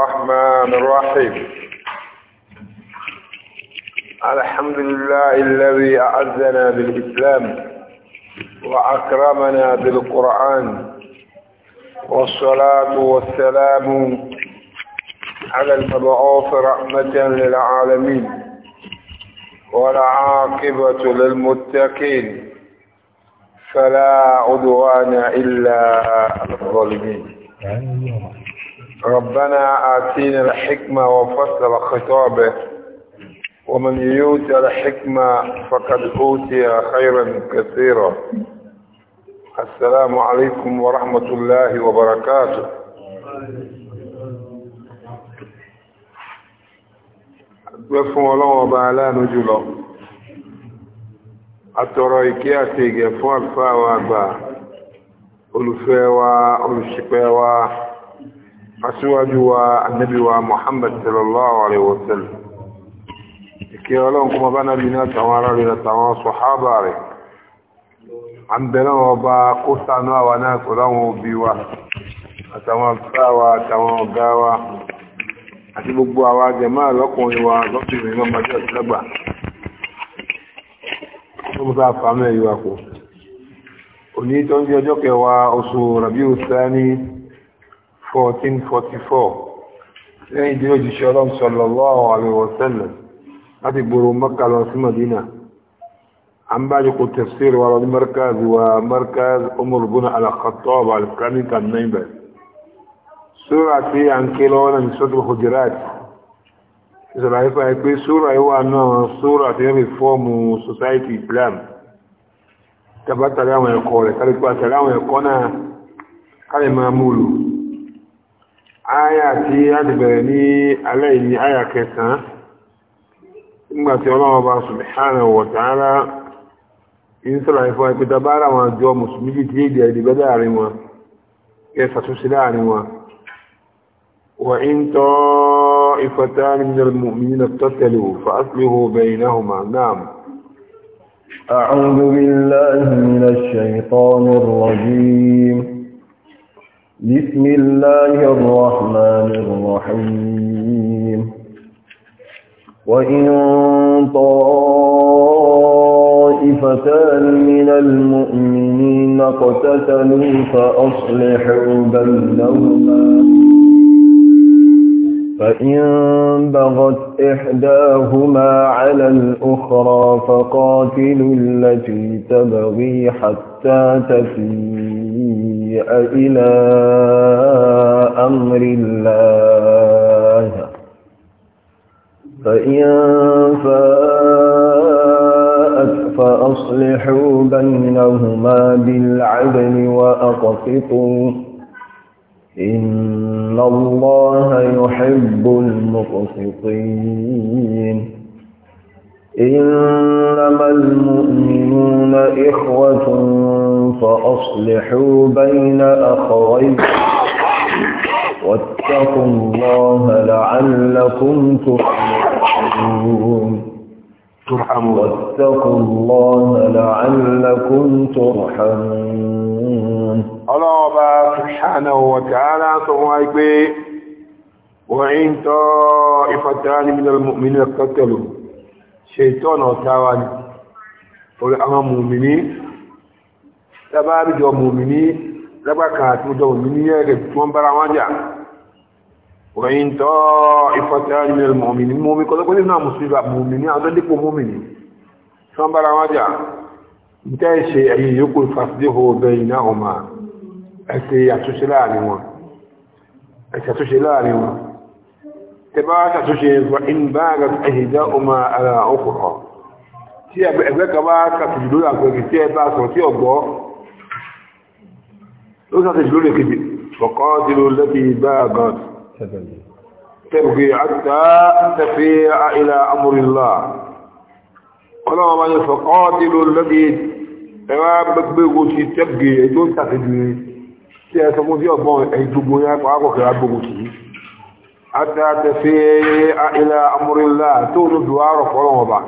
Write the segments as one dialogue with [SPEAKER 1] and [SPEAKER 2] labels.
[SPEAKER 1] الرحمن الرحيم الحمد لله الذي أعزنا بالإسلام وأكرمنا بالقرآن والصلاة والسلام على المبعوث رحمة للعالمين والعاقبة للمتقين فلا عدوان إلا على الظالمين ربنا آتينا الحكمة وفصل خطابه ومن يؤت الحكمة فقد أوتي خيرا كثيرا السلام عليكم ورحمة الله وبركاته أتوفوا الله وبعلا نجل أترأيكي أتيجي فوالفا وأبا olùfẹ́ wa olùṣìpẹ̀ aṣíwájú wa annabi wa muhammad sallallahu alaihi wasallam ike ọlọ́run kuma bá nábi náà tàwọn ará rẹ̀ tàwọn sọ̀hábà rẹ̀ a ń bẹ̀rẹ̀ wọn bá kó sánú àwà náà pẹ̀lú àwọn òbí wa àtàwọn àgbáwa àtàwọn ọ̀gá wa àti gbogbo àwa jẹ̀má lọ́kùnrin wa lọ́kùnrin náà májọ́ ìlọ́gbà tó mú sáà fàámẹ́ ìwà kò òní tó ń jẹ́ ọjọ́ kẹwàá oṣù rabiu sani 1444 lẹ́yìn tí ó jíṣẹ́ ọlọ́run sallallahu alaihi wasallam láti gbòrò Mẹ́kà lọ sí Madina an ba ji ku tafsir wa wani markaz wa markaz umar bin al-khattab al-kani kan naibar sura ti an kila wannan sura hujurat israeli fa pe sura yi wa náà sura ẹ̀kọ́ rẹ̀ kárí pa tẹ̀láwọn ẹ̀kọ́ náà kárí máa áyà tí a ti bẹ̀rẹ̀ ní alẹ́ ìní áyà kẹsàn-án nígbàtí ọlọ́wọ́ bá subhanahu wa ta'ala ń sọ̀rọ̀ ìfọ́ ìpẹta bá ara wọn jọ mùsùlùmí tí èdè ìdìbẹ́ láàrin wọn kẹ sàtúnṣe láàrin wọn wà ń tọ́ ìfọ́ta
[SPEAKER 2] أعوذ بالله من الشيطان الرجيم بسم الله الرحمن الرحيم وإن طائفتان من المؤمنين اقتتلوا فأصلحوا بينهما فإن بغت إحداهما على الأخرى فقاتلوا التي تبغي حتى تفيد إلى أمر الله فإن فاءت فأصلحوا بينهما بالعدل وأقسطوا إن الله يحب المقسطين إنما المؤمنون إخوة فأصلحوا بين أخويكم واتقوا الله لعلكم ترحمون ترحمون واتقوا الله لعلكم ترحمون
[SPEAKER 1] الله سبحانه وتعالى توايبي وإن طائفتان من المؤمنين قتلوا شيطان وتعالى قل أمام المؤمنين lábá ríjọ mòmìnì lábá kan àti ọjọ́ mòmìnì yẹ́ rẹ̀ tí wọ́n bára wọ́n jà wọ́n tọ́ ìfọ́tẹ́rẹ́ nínú mòmìnì mòmìnì kọ́lọ́kọ́ nínú àmùsùlùmí mòmìnì àwọn tó dípò mòmìnì tí wọ́n bára wọ́n jà ń tẹ́ ṣe ẹ̀yìn yòókù fàṣídìhò bẹ́yìn náà ọmọ ẹ̀ṣẹ̀ àtúnṣe láàrin wọn ẹ̀ṣẹ̀ àtúnṣe láàrin wọn tẹ́bá ṣàtúnṣe ìbára ẹ̀hìdá ọmọ ara ọkùnrin tí ẹgbẹ́ kan bá ṣàtúnṣe lórí àgbẹ̀kì tí ẹ bá sọ tí ọgbọ́ لو تجلون كده وقاتلوا التي باغت تبغي حتى تفيع إلى أمر الله قالوا من فقاتلوا الذي توابك بغوتي تبغي ايتو تفجي سياسمو دي أبوان ايتو بوياك وعاكو كراب بغوتي حتى تفيع إلى أمر الله تونو دوارو فلو وبا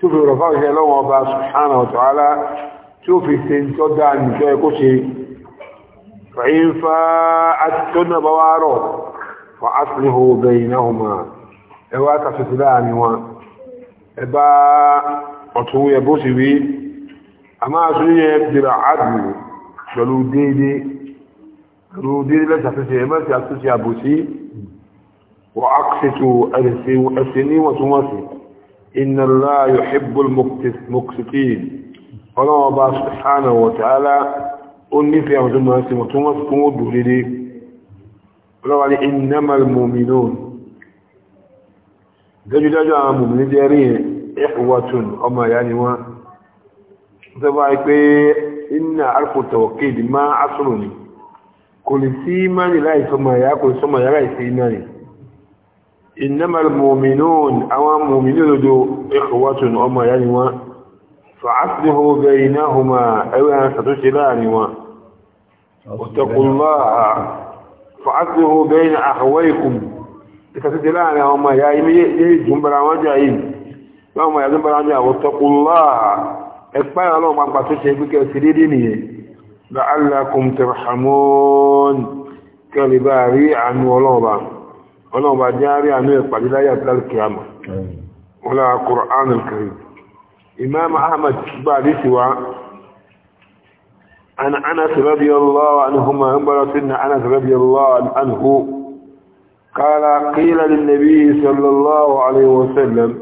[SPEAKER 1] شوف رفاق الله وبا سبحانه وتعالى شوف السنتو دان نتوى كوشي فإن فأتن بواره فأصله بينهما إوا تفتلاني وان إبا أتو يبوسي بي أما أسوي يبدل عدل قالوا ديدي قالوا ديدي لا تفتلاني ما تفتلاني أبوسي وأقسطوا أسني وتمسي إن الله يحب المقسطين قالوا الله سبحانه وتعالى ó nífẹ́ àwọn tó máa ṣe wọ́n tó wọ́n fún ó dùn lédé ọlọ́wà ní innamal mu'minun dájúdájú àwọn mòmìnì jẹ́ rí ikhwatun ọmọ ìyá ni wọ́n tó bá pé inna harfu tawkid ma aslu ni kò lè sí mani láì sọmọ ìyá kò sọmọ mu'minun àwọn ikhwatun ọmọ ìyá ni فعصله بينهما أو أولا ستشلانوا واتقوا الله فعصله بين أخويكم ستشلانوا وما يأيجهم براواجعين وما يأيجهم براواجعين واتقوا الله اكبر الله ما قطوشه بك سريديني لعلكم ترحمون كالباري عن ولوبا ولوبا جاري عن يقبل لا يتلال الكيامة ولا قرآن الكريم إمام أحمد بعد سوا عن أنس رضي الله عنهما أنبر سنة أنس رضي الله عنه قال قيل للنبي صلى الله عليه وسلم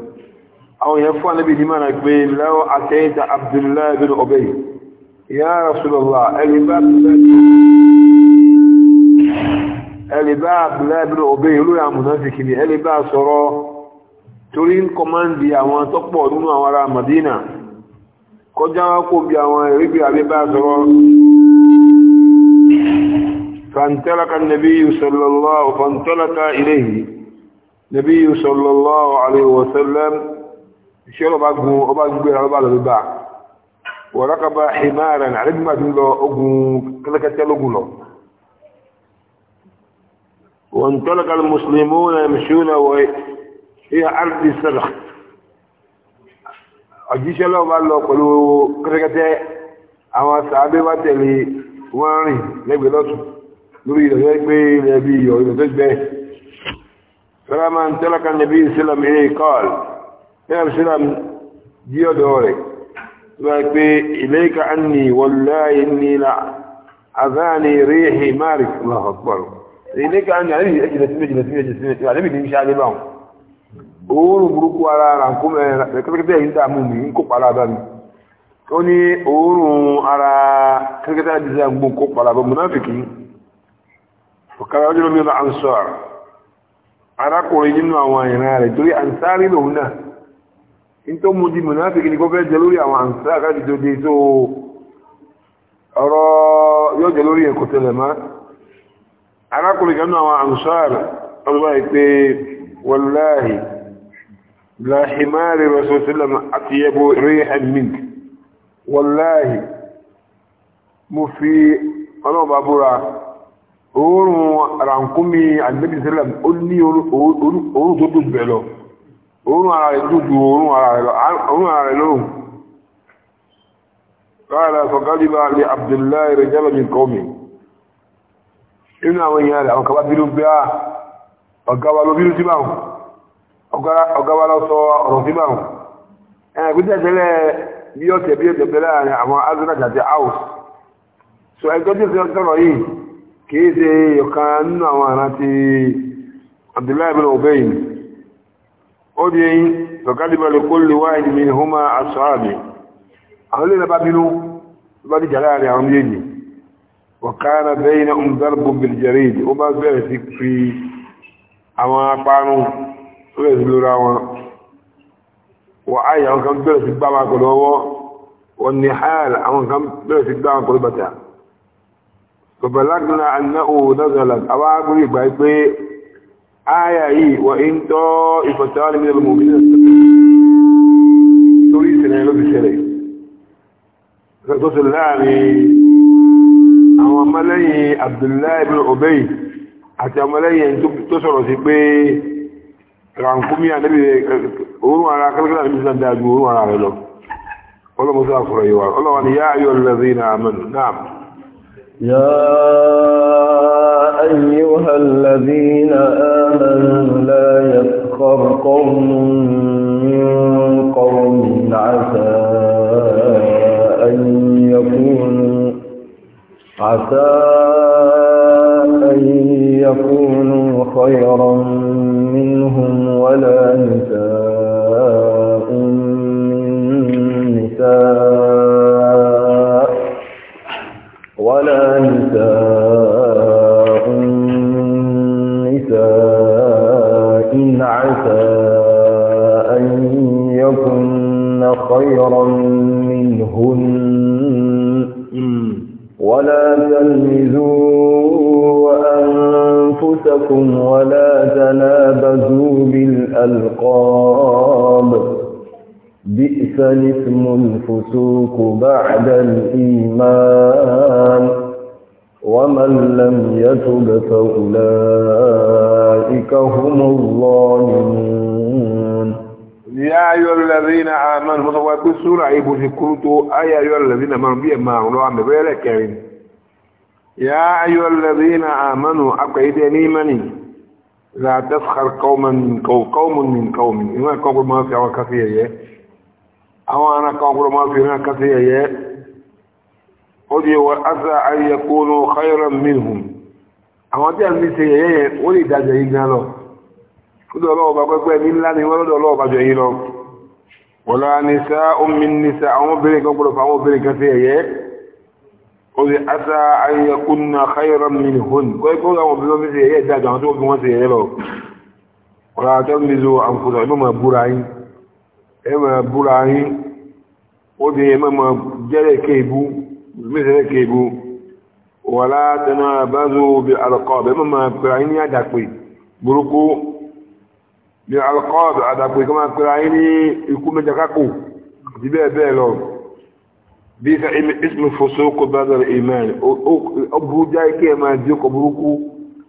[SPEAKER 1] أو يفوى النبي لمن أكبر لو أتيت عبد الله بن أبي يا رسول الله الباب لا بن أبي لو يا منافقني الباب صراط torí ń kọmáǹdì àwọn tọ́pọ̀ nínú àwọn ará Madina kọjá kó bí àwọn ìrígbé àbíbá sọ̀rọ̀ fàntẹ́laka nàbíyù sallallahu fàntẹ́laka iléyìí nàbíyù sallallahu alayhi wa sallam iṣẹ́ ọba gun ọba gbé ọba lọ́bíbá wọ̀rákàbá himaran àrígbàdún lọ ogun kẹ́lẹ́kẹ́tẹ́ وانطلق المسلمون يمشون ìyá ardi sara ọ̀jíṣẹ́ lọ́wọ́ bá lọ pẹ̀lú kẹ́tẹ́kẹ́tẹ́ àwọn sàábé wá tẹ̀lé wọ́n rìn lẹ́gbẹ̀ẹ́ lọ́tún lórí ìrọ̀lẹ́ pé ilẹ̀ bí iyọ̀ ilẹ̀ tó gbẹ sálámà ń tẹ́lákà nàbí ìsìlám ilé kọ́ọ̀l nínú ìsìlám jí ọ̀dọ̀ rẹ̀ ló wá pé ilé ka á ní wọláyé nílà àzáni ríhì márìk lọ́hàpọ̀rọ̀ ilé ka á ní àlébì ẹ̀jìnlẹ̀ sí méjìlẹ̀ sí méjìlẹ̀ sí méjìlẹ̀ òórùn burúkú ara ràkúnmẹ́ kẹ́kẹ́kẹ́ yìí ń dààmú mi ń kópa ara mi ara kẹ́kẹ́kẹ́ yìí ń dààmú kópa ara bá mi mùnáfìkì ọ̀kadà ọjọ́ lómi ọ̀nà ansar arákùnrin nínú
[SPEAKER 2] àwọn ìran rẹ̀ torí
[SPEAKER 1] ansari lòun náà in tó mú di ni kó fẹ́ jẹ lórí àwọn ansar káàdì tó dé tó ọ̀rọ̀ yóò jẹ lórí ẹ̀kọ́ arákùnrin kan náà àwọn لا حمار رسول الله صلى الله عليه وسلم أطيب ريحا منك والله مفي أنا بابورا oorun rankunmi anabi sallam ó ní oorun tó dùn bẹ̀ lọ oorun ara rẹ̀ dùn ju oorun ara rẹ̀ lọ́rùn قال فقلب لعبد الله رجال من قومه inú àwọn èèyàn rẹ̀ àwọn kaba bínú bí i ah, ọ̀gá wa ló bínú sí ọ̀gáwálọ́ sọ ọ̀rọ̀ sí báwọn ẹgbẹ́ tẹ́lẹ̀ bí ọ̀tẹ̀ bí ọ̀tẹ̀ bẹ̀rẹ̀ àárín àwọn azraq àti house so ẹgbẹ́ tí ó sọ̀rọ̀ yìí kìí ṣe ọ̀kan nínú àwọn àrán ti abdullahi bin obeyin bẹ́yìn náà ń dárbo bìlìjẹ̀rẹ̀ ó bá bẹ̀rẹ̀ sí fi àwọn apárun rẹ̀ lóra wọn wọ ayé àwọn kan bẹ̀rẹ̀ sí gbá wọn pẹ̀lú ọwọ́ wọn ni hàl àwọn kan bẹ̀rẹ̀ sí gbá wọn pẹ̀lú bàtà bàbálágbìnà àná òwò dázalat àwọn agbórí ìgbà pé ayé yìí wọ in tọ́ ìfọ̀tàwọn ní mílíọ̀nù rankumi anabi orun ara kalkala ni bisan da ju
[SPEAKER 2] orun ara lo wala musa fura yi wa wala wani ya ayu allazina amanu na'am ya ayyuha allazina amanu la yaskhar qawmun min qawmin asa an yakunu asa an yakunu khayran نساء من نساء ولا نساء نساء عسى أن يكن خيرا منهن ولا تلمزوا أنفسكم ولا تنابزوا الألقاب بئس الاسم الفسوق بعد الإيمان ومن لم يتب فأولئك هم الظالمون
[SPEAKER 1] يا أيها الذين آمنوا متواكوا سورة إبو شكوتوا أي أيها الذين آمنوا بي ما أولوا عم بيلا يا أيها الذين آمنوا أبقى إيدي نيماني لا تسخر قوما من قوم قوم من قوم ما قوم ما في عوا كفيه او انا قوم ما في انا كفيه ودي واسى ان يكونوا خيرا منهم àwọn tí a ń ṣe yẹ̀yẹ́ yẹn ó lè dájọ́ yìí gan lọ fúdọ̀ ọlọ́ọ̀bá pẹ́pẹ́ ní ńlá ni wọ́n lọ́dọ̀ ọlọ́ọ̀bá jọ yìí lọ wọ́n lára nìsá omi nìsá àwọn obìnrin kan gbọ́dọ̀ fún àwọn obìnrin kan ṣe yẹ̀yẹ́ orí ata ayẹkúnna khayran min hun kọ́ẹ̀kọ́ àwọn obìnrin mi sì yẹ dájọ́ àwọn tó bí wọ́n sì yẹ lọ ọ̀rọ̀ àtẹ́lẹ́zọ àǹfọ̀sọ̀ ẹ máa búra yín ẹ máa búra yín ó di ẹ máa jẹ́rẹ̀ kéèbú mẹ́sẹ̀rẹ̀ kéèbú wà látẹnu àbázo bí alqab ẹ máa pẹ̀rẹ̀ yín ní àdàpè burúkú bí alqab àdàpè kọ́ bíka ismi fosoko badal iman ọbú jáì kí ẹ máa di ọkọ̀ burúkú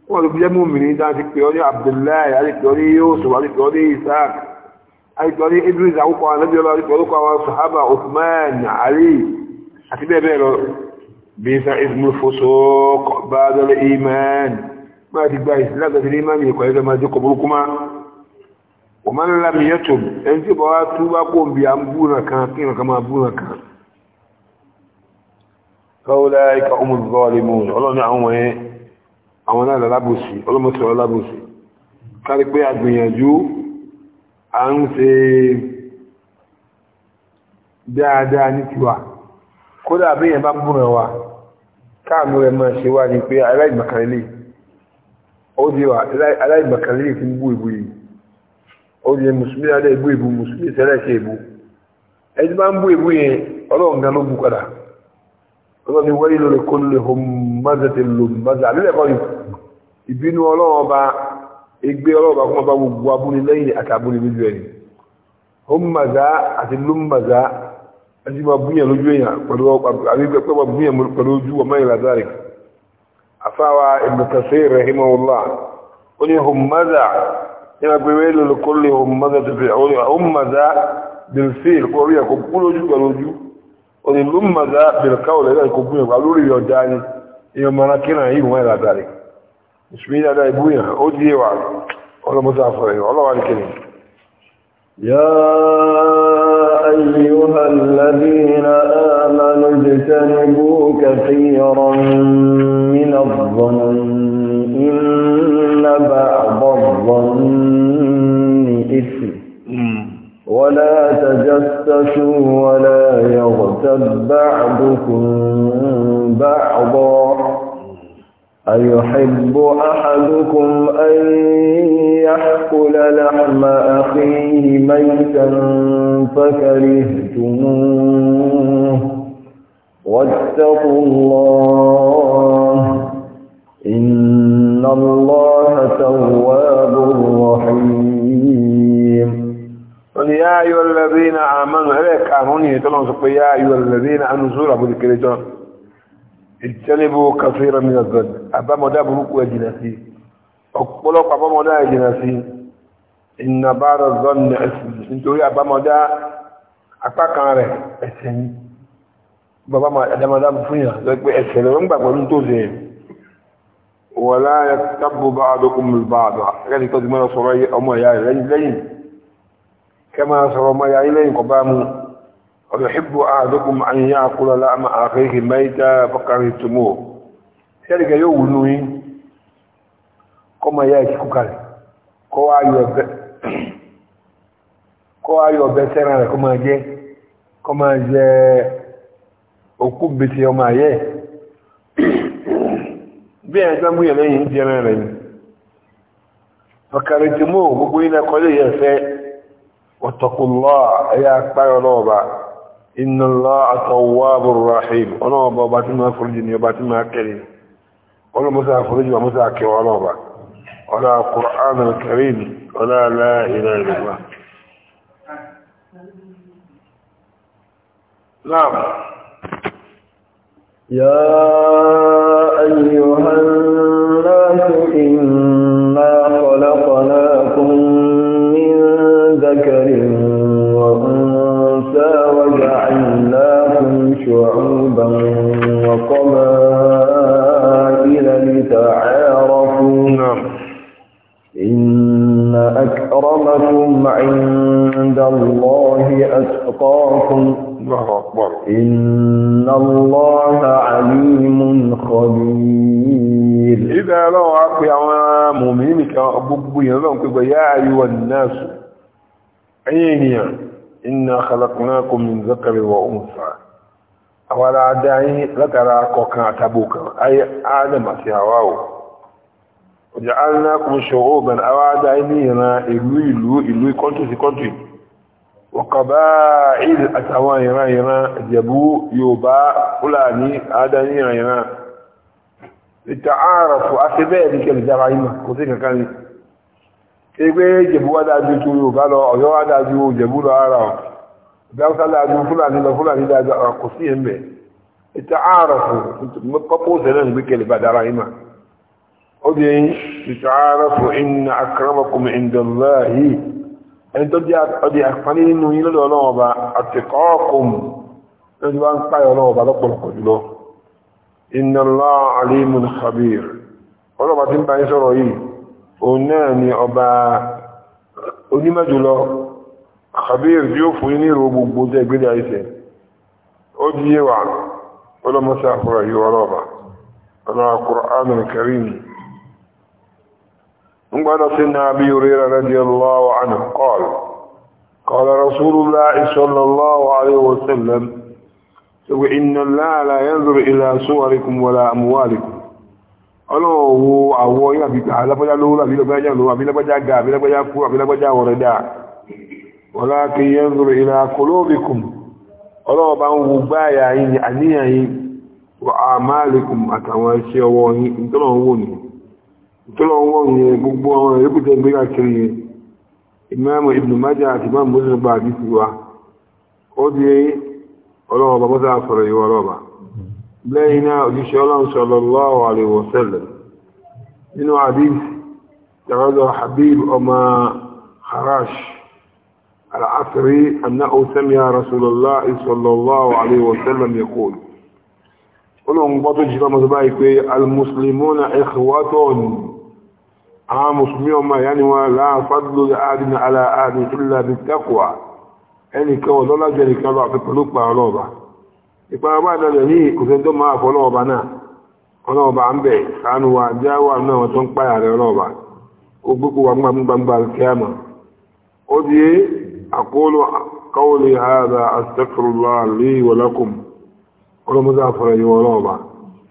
[SPEAKER 1] wọ́n lè jẹ́ múmìnì dáńtí pé ọ abdullahi ọ ní yusuf alìpẹ́ ọ ní isaac ọ idris àwùkọ́ anábíọ́lá alìpẹ́ ọlọ́kọ́ àwọn sahaba uthman ali àti bẹ́ẹ̀ bẹ́ẹ̀ lọ bíka ismi fosoko badal iman máa iman ìkọ̀ ẹgbẹ́ máa di فأولئك هم الظالمون ọlọ́ni àwọn wọ̀nyẹ́ àwọn náà lalábòsí ọlọ́mọsí ọlábòsí kárí pé àgbìyànjú a ń ṣe dáadáa ní tiwa kódà àbíyàn bá búrẹ̀ wa káàmù rẹ̀ máa ṣe wá ní pé aláìmọ̀kànlẹ̀ ó di wà aláìmọ̀kànlẹ̀ fi ń bú ìbú yìí ó di mùsùlùmí alẹ́ ìbú ìbú mùsùlùmí wọ́n ni wọ́n ìlú kó lè
[SPEAKER 3] hùn mọ́zẹ̀ tí lò
[SPEAKER 1] mọ́zẹ̀ àbílẹ̀ kọ́ ìbínú ọlọ́ọ̀ba igbe ọlọ́ọ̀ba kún ọba gbogbo abúnilẹ́yìn àti abúnilójú ẹni hùn mọ́zẹ̀ àti lò mọ́zẹ̀ àti ma búyàn lójú èèyàn pẹ̀lú àbígbẹ́ pẹ́ búyàn pẹ̀lú ojú ọmọ ìlà zari afáwa Ibn Kathir rahimahullah ó òní ló ń mọ̀dá bẹ̀rẹ̀ káwọ̀ lẹ́yìn kò búyàn wà lórí ọ̀dá ni èèyàn mara kí náà yìí wọ́n ẹ̀rà dàrẹ̀ ìṣúmí dáadáa ìbúyàn ó di wà ọlọ́mọdé àfọ̀rẹ̀ ọlọ́wà ní kìnnì.
[SPEAKER 2] يا أيها الذين آمنوا اجتنبوا كثيرا من الظن إن بعض الظن إثم ولا تجسسوا ولا بعضكم بعضا أيحب أحدكم أن يحقل لحم أخيه ميتا فكرهتموه واتقوا الله إن الله تواب رحيم
[SPEAKER 1] ọlọ́ni yá ayọ́ lẹ́bí na àmánu ẹlẹ́ẹ̀ka àwọn ènìyàn tọ́lọ́ sọ pé yá ayọ́ lẹ́bí na anú sóra bó ti kéré tán ìtẹ́lẹ́bù kàfíìrọ̀ mi nàgbà àbámọ́dá burúkú ẹ̀ jìnà sí ọ̀pọ̀lọpọ̀ àbámọ́dá ẹ̀ jìnà sí ìnàbára zọ́nà ẹ̀sìn nítorí àbámọ́dá apá kan rẹ̀ ẹ̀sẹ̀ yìí bàbá àdámọ́dá fún yà lọ pé ẹ̀sẹ̀ lọ́wọ́ ń gbà pẹ̀lú tó ṣe wọ̀lá ẹ̀ tábù bá àdókùn mi bá àdó كما سوى ما يعينين قبام ويحب أحدكم أن يأكل لعم أخيه ميتا فكرهتموه سيرك يولوي كما يأتي كوكالي كوا يوبي كوا يوبي سيرا كما جي كما جي okúbìtì ọmọ ayẹ́ bí ẹjọ́ múyẹ̀ lẹ́yìn jẹ́rẹ̀ rẹ̀ yìí ọkàrẹ̀ tí واتقوا الله يا أكبر لوبا إن الله تواب رحيم أنا بابات ما فرجني بابات ما كريم ولا مسا فرج ومسا كوالوبا ولا القرآن الكريم ولا لا إله إلا الله
[SPEAKER 2] نعم يا أيها الناس أتقاكم الله أكبر إن الله عليم خبير إذا لو أقيا مؤمنك أبوبي
[SPEAKER 1] لو يا أيها الناس أيها إنا خلقناكم من ذكر وأنثى أولا داعي ذكر كوكا تبوكا أي آدم أتياواو وجعلناكم شعوبا أولا داعي إلو إلو إلو كنتو في كنتو وقبائل أتوان يران يران جبو يوباء فلاني آداني يران يران لتعارفوا أسباء ذلك الجرائمة كثيرا كان إيه جبو أداجو تو يوباء لو أو يو أداجو جبو لو أراو بأوسى أداجو فلاني لو فلاني داجو قصيهم به لتعارفوا مقبوسة لن بكل بدرائمة أدين لتعارفوا إن أكرمكم عند الله ẹni tó di àpáni nínú yí lọ́dọ̀ ọlọ́run ọba àtẹ̀kọ́ọ̀kùn lọ́dọ̀ bá ń páyọ̀ ọlọ́run ọba lọ́pọ̀lọpọ̀ jùlọ inna Allah alimun khabir ọlọ́ba tí ń bá ń sọ̀rọ̀ yìí òun náà ni ọba onímọ̀ jùlọ khabir tí قال سيدنا أبي هريرة رضي الله عنه قال قال رسول الله صلى الله عليه وسلم إن الله لا ينظر إلى صوركم ولا أموالكم ọlọ́wọ́ àwọ̀ yín àbí alábọ́já lówó àbí lọ́gbọ́já lówó àbí lọ́gbọ́já ga àbí lọ́gbọ́já kú àbí lọ́gbọ́já wọ̀rẹ̀dá wọ́lá kí yẹn zùrù ìlà kòlóòbìkùn ọlọ́wọ́ tọ́lọ̀ wọ́n yẹ gbogbo àwọn ẹ̀rẹ́kùtẹ́ gbéra kiri yẹ ìmáàmù Ibn Majah àti máàmù mọ́sílẹ̀ bá àbí ti wá ó di ọlọ́ọ̀bà mọ́sá sọ̀rọ̀ ìwọ̀ ọlọ́ọ̀bà lẹ́yìn náà òjíṣẹ́ ọlọ́run sallallahu alaihi wa sallam nínú hadith tàrọ́dọ̀ Habib ọmọ Kharash al-Asri annahu sami'a Rasulullah sallallahu alaihi wa sallam yaqul ọlọ́run gbọ́tọ̀ jìbá mọ́sá báyìí pé al-muslimuna ikhwatun àwọn ah, musulmi ọmọ ìyá ni wọ́n láàfàdúró ààrin aláàrin ìlà bí tẹ́kùwà ẹnìkan ọ̀lọ́lájẹ́ nìkan lọ àfi pẹ̀lú pa ọlọ́ọ̀bà ìparabá ìdàlẹ̀ ní ìkùsẹ́ tó máa fọ́ náà ọlọ́ọ̀bà ń bẹ̀ sánú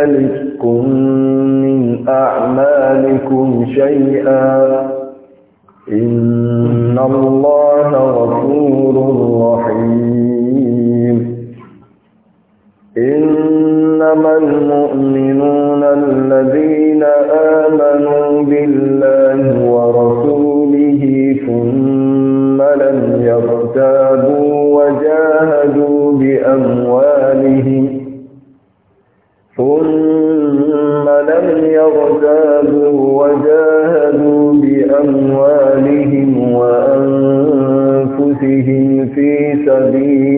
[SPEAKER 2] يَلِتْكُمْ من أعمالكم شيئا إن الله غفور رحيم إنما المؤمنون الذين آمنوا بالله ورسوله ثم لم يرتابوا وجاهدوا بأموالهم ثم لم يغتابوا وجاهدوا بأموالهم وأنفسهم في سبيل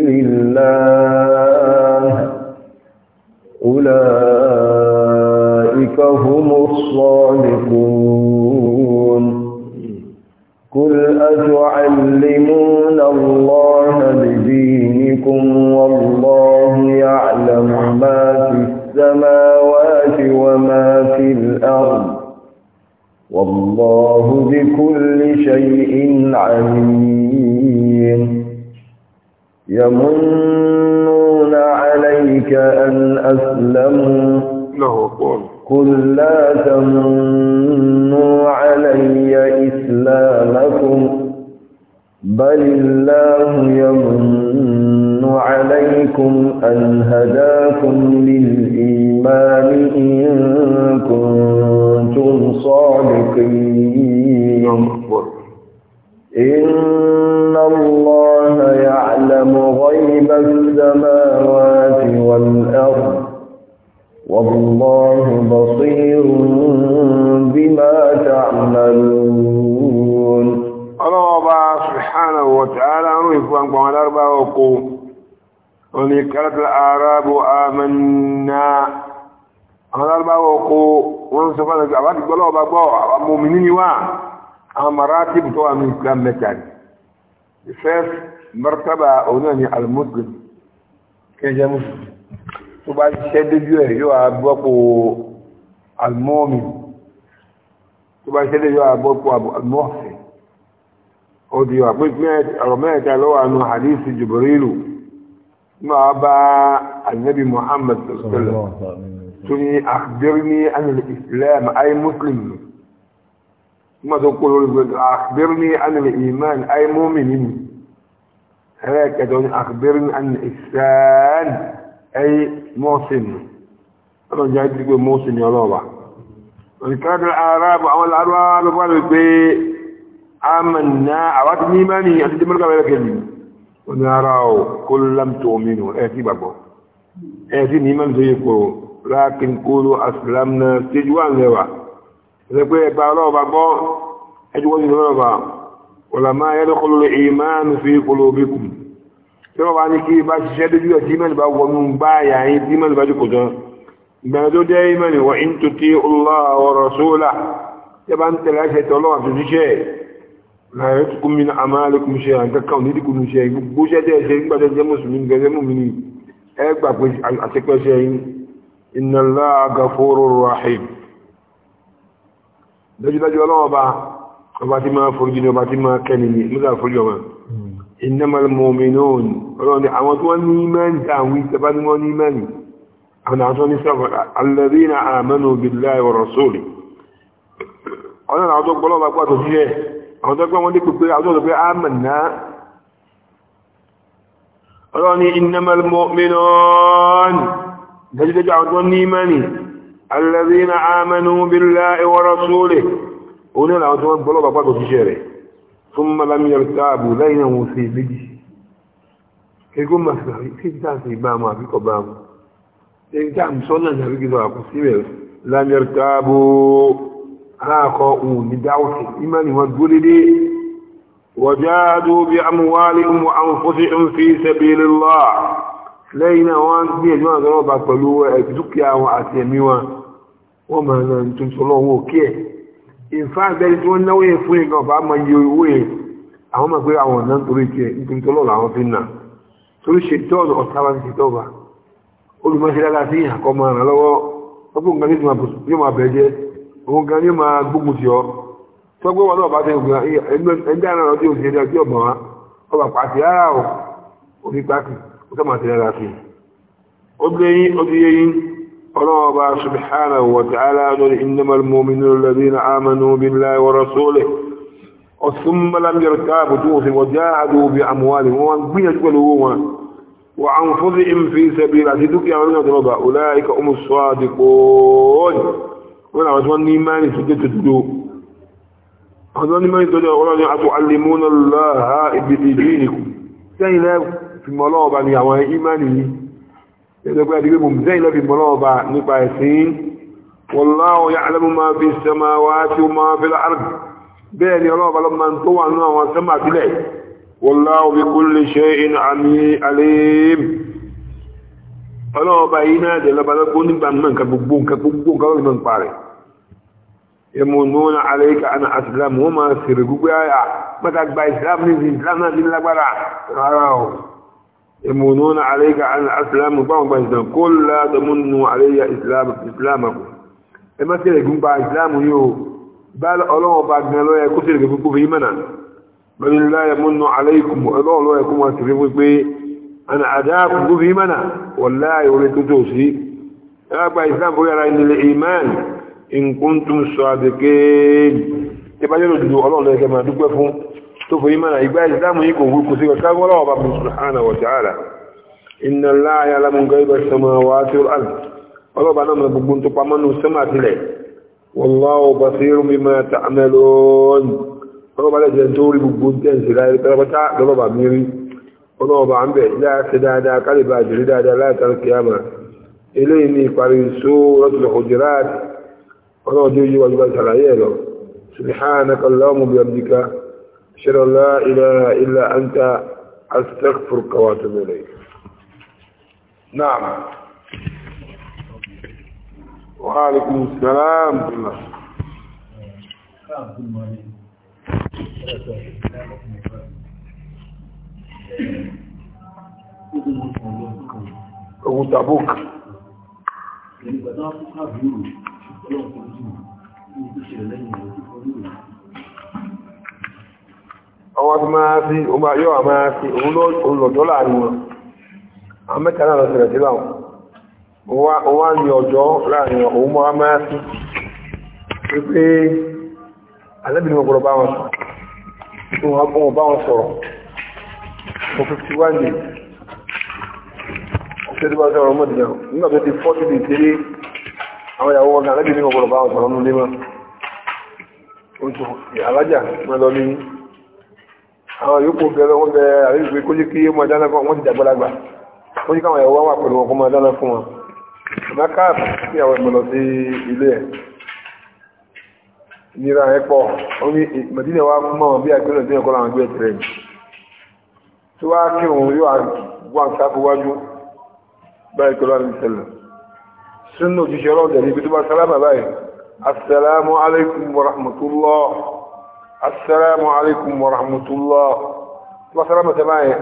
[SPEAKER 2] يمنون عليك أن أسلموا له قل لا تمنوا علي إسلامكم بل الله يمن عليكم أن هداكم للإيمان إن كنتم صادقين نعم. إن الله يعلم غيب السماوات والأرض والله بصير بما تعملون
[SPEAKER 1] الله سبحانه وتعالى أنه عن الأربع وقوم ونكرت الأعراب آمنا àwọn alárúbáwọ̀ kó wọ́n sọ fún àwọn àgbàdìgbọ́lọ́ọ̀bá gbọ́ àwọn mòmìnì ni wà amaratib tó wà ní islam mẹ́ta ni the first martaba òun náà ni almuslim kẹjẹ muslim tó bá ṣiṣẹ́ dójú ẹ̀ yóò àgbọ́pọ̀ almu'min tó bá ṣiṣẹ́ dójú àgbọ́pọ̀ almuhsin ó di wà pé ọ̀rọ̀ mẹ́ta lọ́wọ́ àánú hadith jibrilu náà bá annabi muhammad sallallahu alaihi wasallam tó ní akhbirni anil islam ay muslim ما تقول أخبرني عن الإيمان أي مؤمن هكذا أخبرني عن الإحسان أي محسن أنا جاي تقول محسن يا الله وإن كان الأعراب أو الأعراب قالوا بي آمنا أعرف إيماني أنت تمرك على كلمة ونرى كل لم تؤمنوا أهتي بابا أهتي إيمان سيقولوا لكن قولوا أسلمنا سجوان لواء ẹgbẹ́ ẹgbà ọlọ́ọ̀bà gbọ́ ẹjúwọ́n ní ọlọ́ọ̀bà ọ̀làmá yẹ́dọ́kọlù ìmánu fi kọlù obìkùn tí wọ́n bá ní kí bá ṣiṣẹ́ dojú ẹ̀ tí mẹ́lì bá wọnú bá yàáyí tí mẹ́lì bá ń tẹ̀lé ẹsẹ̀ tí ọlọ́wà tó ṣiṣẹ́ mi ní amáàlékún ṣe àǹkẹ́kọ̀ ní ṣe gbogbo ṣẹ́ tẹ́ ṣe nígbà tẹ́ mùsùlùmí gẹ́gẹ́ mi ní ẹgbà pé yìí inna Allah gafurur rahim dájúdájú ọlọ́wọ́ bá ọba tí máa forí ní ọba tí máa kẹni ní lọ́dà forí ọmọ innamal mu'minun ọlọ́ni àwọn tí wọ́n ní imani àwọn ìsẹ̀bá ní wọ́n ní imani àwọn àwọn tó ní sọ́fọ́ alladhina amanu billahi wa rasuli ọlọ́run àwọn tó gbọ́ lọ́wọ́ pàtó الذين آمنوا بالله ورسوله هنا لو تقبلوا بابا في شيره ثم لم يرتابوا لينه في بيجي يقول ما في تاسي با ما في قبام يجام سنة نبي كده أبو سيبل لم يرتابوا هاقوا لدعوة إيمان والدول دي وجاهدوا بأموالهم وأنفسهم في سبيل الله لينا وان بيجوا ضربة قلوة دكيا وأسيمي وان wọ́n mọ̀ ẹ̀nà ìtúnṣọ́lọ́wọ́ kí ẹ̀ ìfá àgbẹ́ni tí wọ́n náwó yẹn fún ẹ̀nà ọba máa yọ owó yẹn àwọn mọ̀ pé àwọn ọ̀nà torí tiẹ̀ ìtúnṣọ́lọ́ làwọn fi nà torí ṣe tọ́ọ̀nù ọ̀tá wa ti tọ́ba olùmọ̀ṣẹ́ dáadáa sí ìhàkọ́ máa ràn lọ́wọ́ ọgbọ́n gan yóò máa bẹ̀ jẹ́ òun gan الله سبحانه وتعالى إنما المؤمنون الذين آمنوا بالله ورسوله ثم لم يرتابوا توفي وجاهدوا بأموالهم وانبيتوا وأنفسهم في سبيل عزيزك يا ولد ربا أولئك هم الصادقون ولا عزوان نيمان سجدتدو عزوان نيمان سجدتدو ولا أتعلمون الله بإيدينكم سينا في ملابا يا وإيمانه يقول أدي بهم زي لفي ملوبة نبايسين والله يعلم ما في السماوات وما في الأرض بين يلوبة لما انتوى أنه وسمع إليه والله بكل شيء عليم ọlọ́ọ̀bá yìí náà jẹ́ lọ́bàlọ́gbọ́ nígbà mọ́nka gbogbo nǹkan gbogbo nǹkan lọ́gbọ̀n parẹ̀ يمنون عليك أنا أسلم وما سر قبعا متى قبع إسلام نزل إسلام نزل لقبرا رأوه يمونون عليك عن الاسلام فهم كل قل لا تمنوا علي إسلام إسلامكم إما سيكون با إسلام يو بل الله بعد ما لا يكسر كفكم في منا بل لا يمن عليكم الله لا يكون واسرين بي أنا عداكم في منا والله يريد توسي أبا إسلام هو إن الإيمان إن كنتم صادقين تبقى يرد الله لا يكما تكفون tó fòyí mọ́nà ìgbà ìsìlámù yìí kò wúkú sí ọ̀ká gbọ́lọ́ ọba mùsùlùmí wọ̀tí ààrà iná láàyà alámùgá ibà sọmọ wa tí ó àlù ọlọ́ba náà gbogbo tó pa mọ́nù sọmọ àtìlẹ̀ wọláwọ bá sí irú mi máa ta amẹ́lọ́ọ̀nì ọlọ́ba lẹ́jẹ̀ tó rí gbogbo tẹ̀sí láyé pẹ́lẹ́pẹ́tà lọ́lọ́ba mi rí ọlọ́ba ń bẹ̀ láàṣẹ dáadáa kálíbà àjèrè dáadáa láàtàrí kìámà eléyìí ní ìparí só rọ́tùlọ̀ òjìráàtì ọlọ́ọ̀dẹ́ yíwájú bá ṣàlàyé ẹ̀ lọ سبحانك اللهم بحمدك أشهد لا إله إلا أنت أستغفر كواتب إليك نعم وعليكم السلام أبو تابوك يعني بدأ ọwọ́ tó máa sí ọmọ ayọ́ àmá sí òun lọ́jọ́ láàrin wọn àwọn mẹ́ta náà lọ sílẹ̀ sí láwọn òun wá ní ọjọ́ láàrin wọn òun máa máa sí wípé alẹ́bìnrin wọn gbọ́dọ̀ bá wọn sọ tí wọ́n gbọ́n bá wọn sọ̀rọ̀ for fifty one days ṣé tí wọ́n sọ̀rọ̀ mọ́tì náà nígbà tó ti forty days délé àwọn ìyàwó wọn alẹ́bìnrin wọn gbọ́dọ̀ bá wọn sọ̀rọ̀ nílé mọ́ oṣù alájà mọ́ ní àwọn yòókù bẹ̀rẹ̀ wọn bẹ àríwí kó jẹ́ kí wọ́n dáná fún wọn ti dàgbàlagbà ó yí káwọn ẹ̀wọ́ wà pẹ̀lú wọn kó máa dáná fún wọn ọ̀nà káàpù sí àwọn ìmọ̀lọ̀ sí ilé ẹ̀ nira ẹ̀ pọ̀ ó ní mẹ̀dínlẹ̀ wa mọ̀ bí àgbẹ̀rẹ̀ sí ọkọ̀ làwọn gbé tirẹ̀ tí wàá kí òun yóò wà sáfù wájú báyìí tó lọ́nà ìṣẹ̀lẹ̀ sínú òjíṣẹ́ ọlọ́ọ̀dẹ̀ níbi tó bá sálámà báyìí assalamu alaikum wa rahmatullah السلام عليكم ورحمة الله وسلامة معي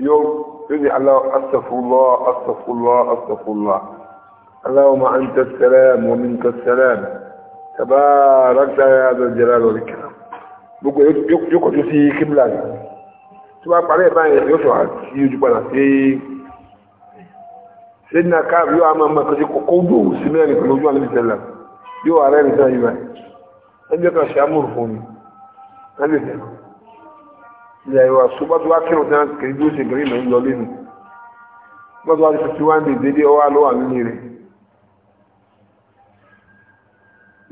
[SPEAKER 1] يوم يدي الله أستغفر الله أستغفر الله أستغفر الله اللهم أنت السلام ومنك السلام تبارك يا ذا الجلال والكرام بقول يك يك يك تسي كملا تبا بعدي بعدي يوسف يجي بنا في سيدنا كاب يو أمام ما كذي كودو سمعني كلو جوا لبيت الله يو أرين سامي ما أنت كشامور فوني lẹ́yìn ìdẹ̀ ilẹ̀ ìwà ṣùgbọ́n tí wàá kírun náà kìí bí ó ṣe gbẹ̀rẹ̀ ìmọ̀ ń lọ lẹ́nu gbọ́n tí wàá ṣe ti wá ń dédé ọwọ́ alówà nínú rẹ̀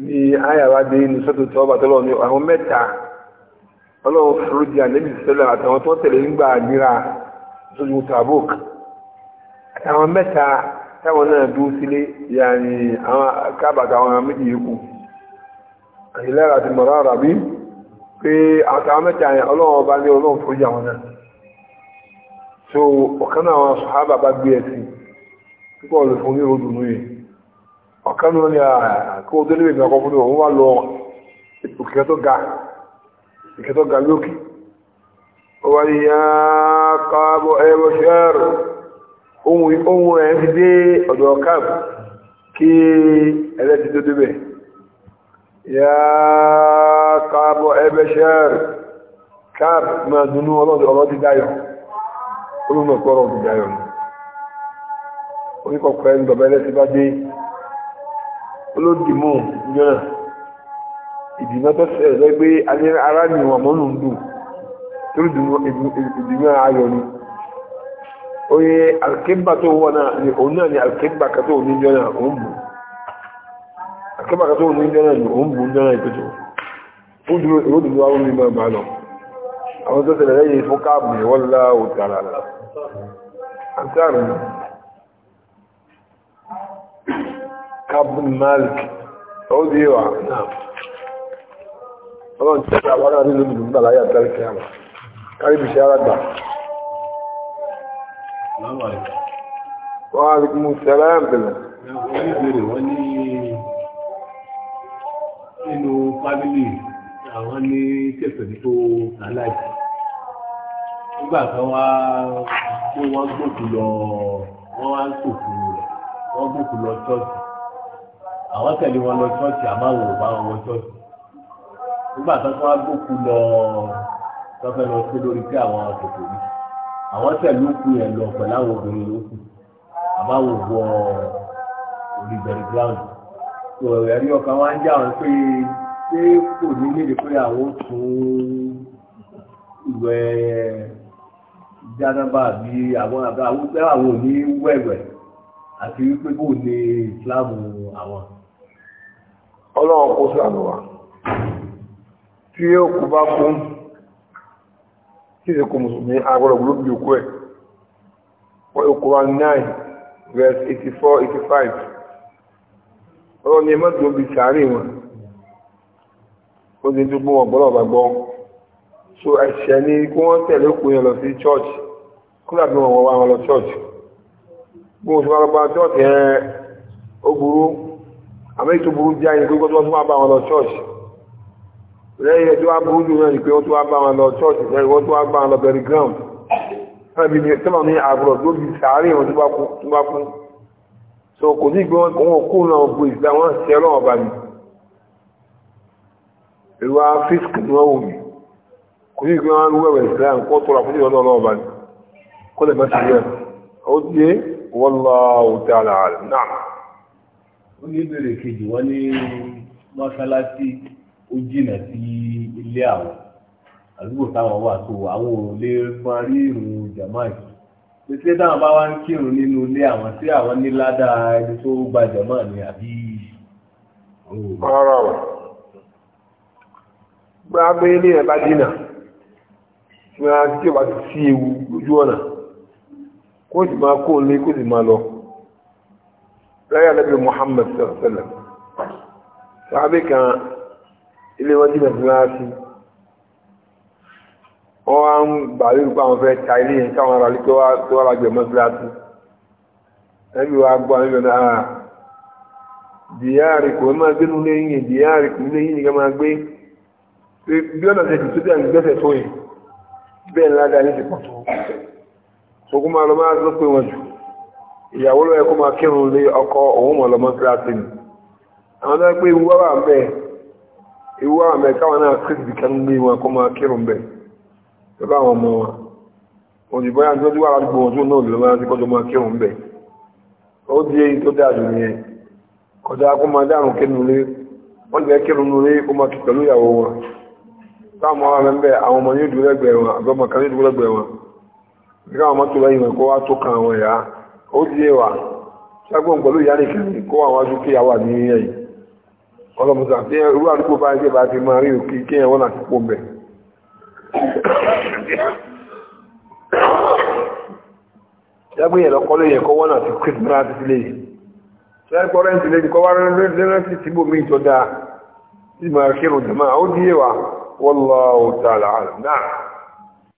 [SPEAKER 1] ní ayàwá dé inú sọ́tò tí ọba tọ́lọ́ ní àwọn mẹ́ta ọlọ́run fúru di àlẹ́bí sẹ́lẹ̀ àtàwọn tó tẹ̀lé nígbà pé àtàwọn mẹ́ta yẹn ọlọ́wọ́ bá ní ọlọ́wọ́ fún ìyàwó náà so ọ̀kan náà wọn sọ̀hábà bá gbé ẹ̀sìn púpọ̀ lè fún yóò dùn yìí ọ̀kan náà ni àkó tó níbi ìgbà kan fún mi òun wá lọ òkè tó ga òkè tó ga lókè ó wá ní yá káàbọ̀ ẹ̀rọ ṣẹ́rù ohun ẹ̀ ti dé ọ̀dọ̀ káàbù kí ẹlẹ́tì káàbọ̀ ẹbẹ́ ṣẹ́rẹ̀ káàbù máa dúnú ọlọ́dọ̀ ti dáyọ̀ olùmọ̀pọ̀rọ̀ ti dáyọ̀ ní oníkọ̀kọ̀ ẹni bàbá ẹlẹ́sí bá dé olódìmọ̀ jọ́nà ìdìmọ̀ tó sẹ̀ lẹ́gbẹ́ ara ní wọn mọ́nù ń dùn tó ìdìmọ̀ ayọ̀ ni oye alkebba tó wọ́n náà ni òun náà ni alkebba kàtó òun ní jọ́nà òun bù alkebba kàtó òun ní jọ́nà ni òun bù ń jọ́nà ìpẹ́tọ̀ ròdùdú àwọn mímọ̀ ìgbà lọ àwọn tó tẹ̀lẹ̀ lẹ́yìn fún káàbù wọ́n láwọ̀ tààrà lọ àtàrà lọ káàbù malik ó dí wà náà ọlọ́n tí a wọ́n rí lóbi lóbi láyé àtàrí kí
[SPEAKER 3] a wà àwọn ní tẹ̀sán ní aláìsí nígbà kan wá tó wọ́n gbòkú lọ wọ́n wá ń rẹ̀ wọ́n gbòkú lọ ṣọ́ọ̀ṣì àwọn tẹ̀lé wọn lọ ṣọ́ọ̀ṣì àmáwò bá wọn wọ ṣọ́ọ̀ṣì nígbà tó wá gbòkú lọ tọ́fẹ́ lọ sí lórí pé àwọn àtòkò rí àwọn tẹ̀lé òkú yẹn lọ pẹ̀lú àwọn obìnrin yòókù àmáwò wọ orí gíláàmù tó ẹ̀rí ọkàn wá ń já wọn pé ṣé kò ní léde pé àwọn tún ìwẹ̀ jánábà bí àwọn àbá àwọn pé àwọn ò ní wẹ̀wẹ̀ àti wípé bò ní ìsìláàmù àwọn. ọlọ́run kò sànù wa
[SPEAKER 1] tí ó kú bá fún tí ìsìnkú mùsùlùmí agbọ́dọ̀ gbọ́dọ̀ bí òkú ẹ̀ wọ́n yóò kó wa nine verse eighty four eighty five ọlọ́run ni ẹ bí sàárè wọn ó ti dúpọ̀ wọn gbọ́dọ̀ bá gbọ́ so ẹ̀ṣẹ̀ ni kí wọ́n tẹ̀lé òkun yẹn lọ sí church kúrò àbí wọn wá wọn lọ church bí wọn ti wá lọ bá church yẹn ó burú àmọ́ ètò burú jẹ́ àyìnkú kó tó wọ́n tún wá bá wọn lọ church lẹ́yìn ẹjọ́ aburú jù náà ni pé wọ́n tún wá bá wọn lọ church lẹ́yìn wọ́n tún wá bá wọn lọ bẹ̀rẹ̀ ground ẹbí ni tẹ́mà ní àbúrò tó bí sàárè wọn tó bá kú so kò ní ìgbé wọn kó náà bu ìgbà wọn ṣe ọlọ́wọ́ bá ìwà fisk ni wọ́n wù mí kò ní ìgbé wọn wẹ̀wẹ̀ islam kó tọrọ àfúnjẹ́ ọ̀nà ọlọ́ọ̀bá ni kó lè mẹ́sì rẹ̀ ó di wallahu ta'ala alam náà.
[SPEAKER 3] ó ní ìbéèrè kejì wọ́n ní mọ́ṣáláṣí ó jìnà sí ilé àwọn àdúgbò táwọn wà tó àwọn ò lè fún rí bá wá ń kírun nínú ilé àwọn tí àwọn ní ládàá ẹni tó gba ni àbí. rárá o
[SPEAKER 1] pé abẹ́ ilé ẹ̀ bá dínà tí wọ́n ti bá ti sí ewu lójú ọ̀nà kó sì máa kó lé kó sì máa lọ láyé alẹ́bí Muhammad sọ̀rọ̀sẹ̀lẹ̀ sábẹ́ kan ilé wọn dínà tí wọ́n á sí wọ́n wá ń gbà lórí pé àwọn fẹ́ ta ilé yẹn káwọn ará lé tó wá lágbẹ̀ẹ́ mọ́síláṣí ẹbí wa gbọ́ àwọn ìgbà náà ah, díyàrí kò máa gbé nulẹ̀ yìnyín díyàrí kò nílẹ̀ yìnyín ká máa gbé bí ọ̀nà tẹ̀jì tó tẹ̀ ń gbẹ́sẹ̀ tó yìí bẹ́ẹ̀ ládàá ní ti pọ̀ tó ṣogun máa lọ máa lọ pé wọn jù ìyàwó lọ́yẹ kó máa kírun lé ọkọ òun mọ̀ lọ́mọ kíláàsì ni àwọn náà pé ìwú wà ń bẹ ìwú wà ń bẹ káwọn náà kírísì kan lé wọn kó máa kírun bẹ tó bá wọn mọ wọn òyìnbó yà ń tó wà t'a ọmọ rẹ̀ ń bẹ̀ àwọn ọmọ yóò dúró lẹ́gbẹ̀ẹ́ wọn àbí ọmọ kan yóò dúró lẹ́gbẹ̀ẹ́ wọn nígbà wọn mọ́tò lẹ́yìn wọn kó wá tó kan àwọn ẹ̀yà ó di ẹwà ṣẹ́gbọ́n pẹ̀lú ìyá nìkan kó àwọn ajú ti kí ẹ̀wọ́n àti pò mẹ́ ṣẹ́gbọ́n yẹn lọ́kọ́ lóyè kọ́ wọ́n àti kìtìmọ́ àti sílé ṣẹ́gbọ́n máa ó والله تعالى عالم نعم